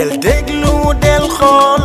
del déglu del xool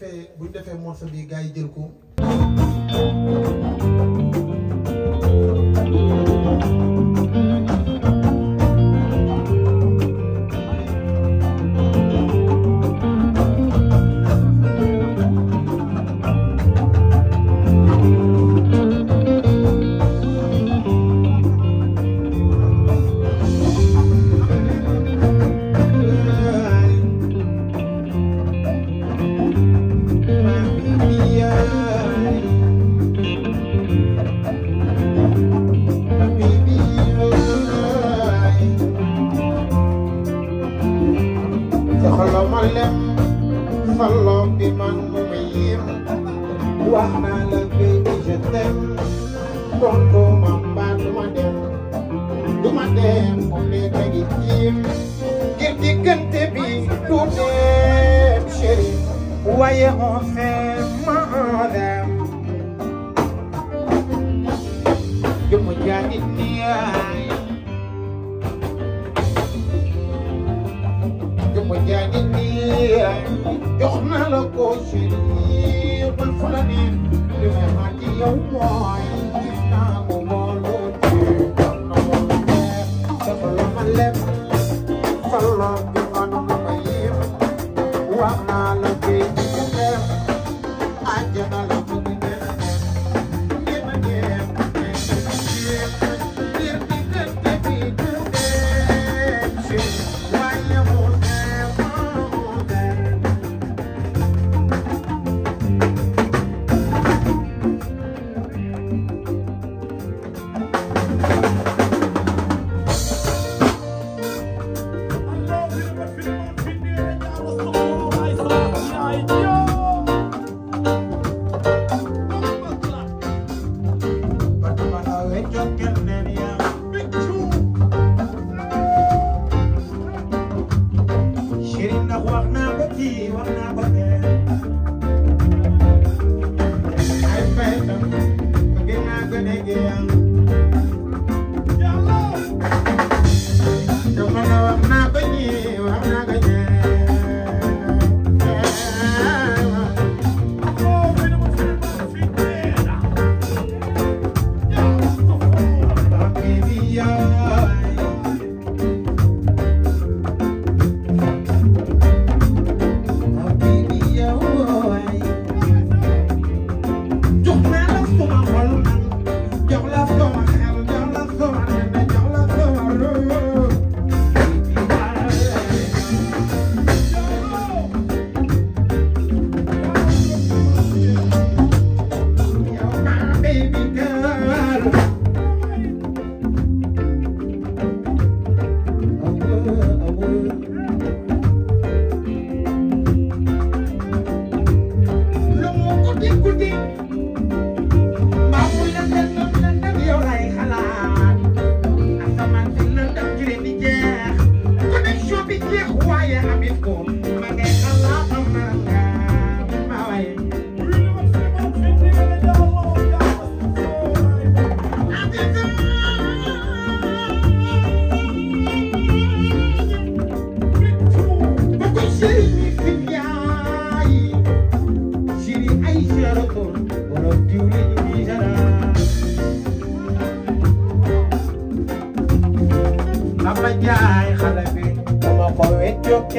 defee bu ñu defee morceau bi gars yi jël ko. xolom a lem xolom bi man mu miir wax naa la baby je t'aime ma mbaa du ma dem du ma dem mu nekk ngi tiim ngir diggante bi du dem chéri waaye on fait maanaam jëmm jaa nit ñi jox na la ko Chérif man fa la ne li may xaar ci yow mooy gis naa ko boolu ci jox na moom leer dafa la ma leb fa la bi man ma yéem wax naa la นาบ่ขี่วันนาบ่แก่